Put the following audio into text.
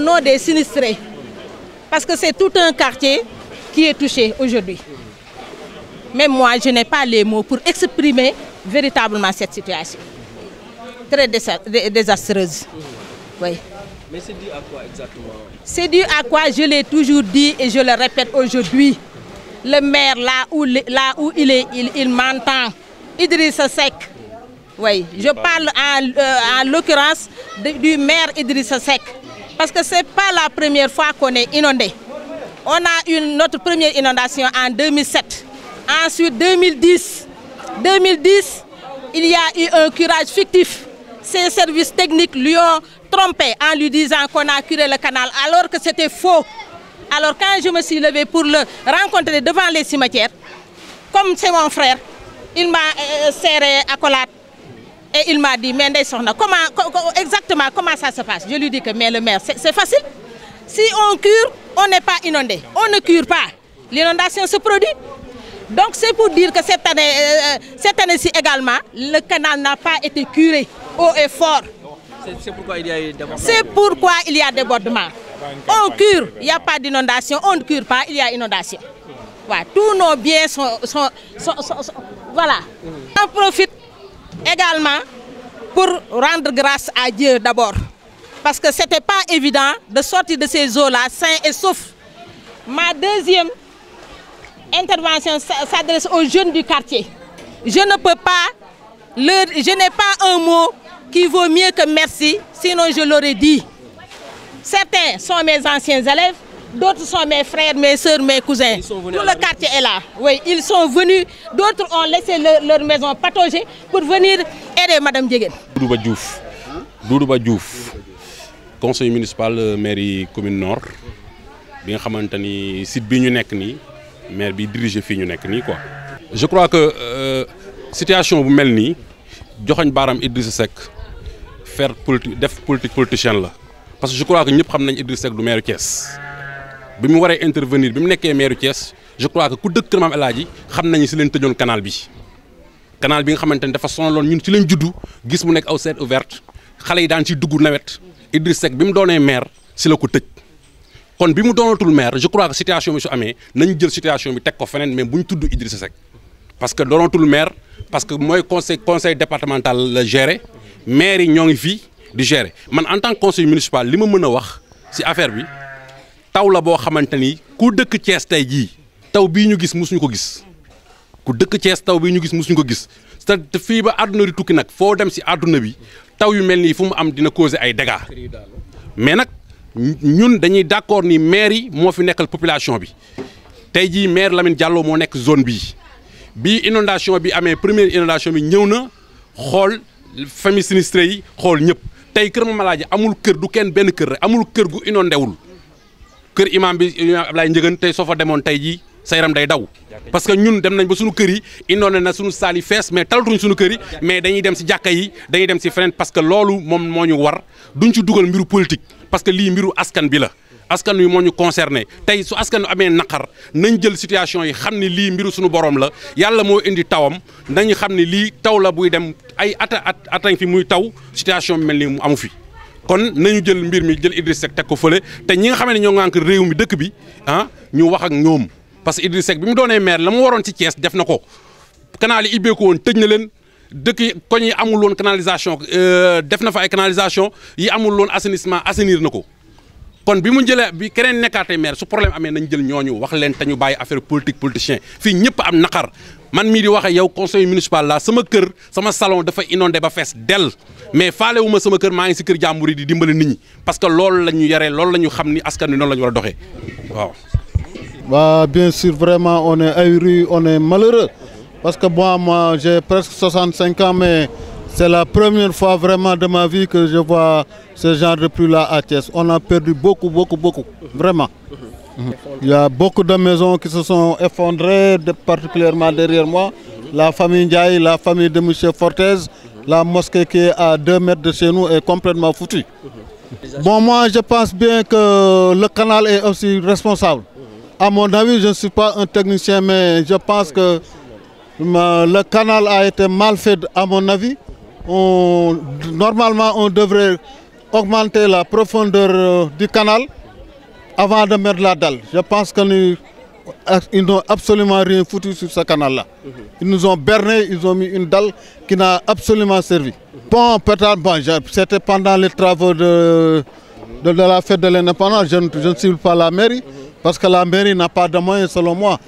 nom des sinistrés, parce que c'est tout un quartier qui est touché aujourd'hui. Mais moi, je n'ai pas les mots pour exprimer véritablement cette situation. Très désastreuse. Oui. Mais c'est dû à quoi exactement je l'ai toujours dit et je le répète aujourd'hui. Le maire, là où, là où il est, il, il m'entend. Idrissa Seck. Oui, je parle en, euh, en l'occurrence du maire Idrissa Seck. parce que c'est pas la première fois qu'on est inondé. On a eu notre première inondation en 2007. Ensuite, 2010. 2010, il y a u un curage fictif. Ces services techniques lui ont trompé en lui disant qu'on a curé le canal, alors que c'était faux. Alors quand je me suis levée pour le rencontrer devant les cimetières, comme c'est mon frère, il m'a euh, serré à Et il m'a dit, mais Ndeye comment, exactement comment ça se passe Je lui dis que, mais le maire, c'est facile. Si on cure, on n'est pas inondé. On ne cure pas. L'inondation se produit. Donc c'est pour dire que cette année, euh, également, le canal n'a pas été curé haut et fort. C'est pourquoi il y a débordement. On cure, il a pas d'inondation. On ne cure pas, il y a inondation. Voilà. Tous nos également pour rendre grâce à Dieu d'abord. Parce que ce n'était pas évident de sortir de ces eaux-là sains et saufs. Ma deuxième intervention s'adresse aux jeunes du quartier. Je ne peux pas, leur, je n'ai pas un mot qui vaut mieux que merci, sinon je l'aurais dit. Certains sont mes anciens élèves, D'autres sont mes frères, mais soeurs, mes cousins. Tout le quartier est là. Oui, ils sont venus. D'autres ont laissé leur, leur maison patauger pour venir aider Madame Diéguen. Doudouba Diouf. Doudouba conseil municipal euh, mairie commune nord bi nga xamante ni site bi ñu nekk nii maire bi dirigé fii ñu nekk nii quoi. je crois que euh, bu mel nii joxoñ baaram Idrissa Seck faire politique def politique politicienne la parce que je crois que ñëpp xam nañ Idrissa Seck du maire Thiès. bi mu waree intervenir bi mu nekkee maire Thiès je crois que ku dëkk Kër Maam El xam nañu si leen tëjoon canal bi canal bi nga xamante ne dafa sonaloon ñun si lañ juddu gis mu nekk aw seet ouverte xale yi daan ci dugg nawet Idriss Seck bi mu doonee maire si la ko tëj kon bi mu doonatul maire je crois que situation bi su amee nañ jël situation bi teg ko feneen mais bu ñu tudd Idriss Seck parce que doonatul mair parce que mooy conseil conseil départemental maire yi ñoo ngi fii di gérer man en tant conseil municipal li ma mën a wax si affaire bi. taw la boo xamante ni ku dëkk Thiès tey jii taw bii ñu gis musuñu ko gis ku dëkk Thiès taw bii ñu gis musuñu ko gis te fii ba àdduna di tukki nag foo dem si àdduna bi taw yu mel nii fu mu am dina causer ay dégâts mais nag ñun dañuy d'accord ni maire yi moo fi nekkal population bi tey jii maire Lamine Diallo moo nekk zone bii bii inondation bi amee première inondation bi ñëw na xool famille sinistré yi xool ñëpp tey kër ma malaaji amul kër du kenn benn kër amul kër gu inondewul kër imaam bi imaam Ablaye Njëgën tey soo fa demoon tey jii sa yaram day daw parce que ñun dem nañ ba suñu kër yi indoon na suñu saal yi fees mais talatuñ suñu kër yi mais dañuy dem si jàkka yi dañuy dem si feneen parce que loolu moom moo ñu war duñ ci dugal mbiru politique parce que lii mbiru askan bi la askan wi moo ñu concerné tey su askan amee naqar nañ jël situation yi xam ne lii mbiru suñu borom la yàlla moo indi tawam nañu xam ne lii taw la buy dem ay ata at atañ fi muy taw situation bi mu amu fi kon nañu jël mbir mi jël Idriss Seck teg ko fële te ñi nga xam ne ñoo ngànk réew mi dëkk bi ah ñu wax ak ñoom parce que Idriss bi mu doonee maire la mu waroon ci Thiès def na ko canal yi ibbeeku woon tëj na leen dëkk yi koñ yi amul woon canalisation euh, def na fa ay canalisation yi amul woon assainissement assenir na ko. kon bi mu jëlee bi keneen nekkaatee maire su problème amee nañ jël ñooñu wax leen te bàyyi affaire politique politicien fii ñëpp am naqar man mii di waxe yow conseil municipal la sama kër sama salon dafa inondé ba fees del mais faale wu ma sama kër maa ngi si kër jàmbur yi di dimbali nit ñi parce que loolu la ñu yaree loolu la ñu xam ni askan wi noonu la war a doxee waaw. bien sûr vraiment on est ahuri on parce que bon moi j'ai presque 65 ans mais. C'est la première fois vraiment de ma vie que je vois ce genre de pluie-là à Thiès. On a perdu beaucoup, beaucoup, beaucoup, vraiment. Il y a beaucoup de maisons qui se sont effondrées, particulièrement derrière moi. La famille Ndiaye, la famille de M. Fortez, la mosquée qui est à 2 mètres de chez nous est complètement foutue. Bon, moi, je pense bien que le canal est aussi responsable. À mon avis, je ne suis pas un technicien, mais je pense que le canal a été mal on, normalement on devrait augmenter la profondeur euh, du canal avant de mettre la dalle. Je pense qu'ils euh, ils, n'ont absolument rien foutu sur canal-là. Ils nous ont berné, ils ont mis une dalle qui n'a absolument servi. Bon, peut-être, bon, c'était pendant les travaux de, de, de la fête de l'indépendance, je, je, la mairie, parce que la mairie n'a pas de moyens selon moi.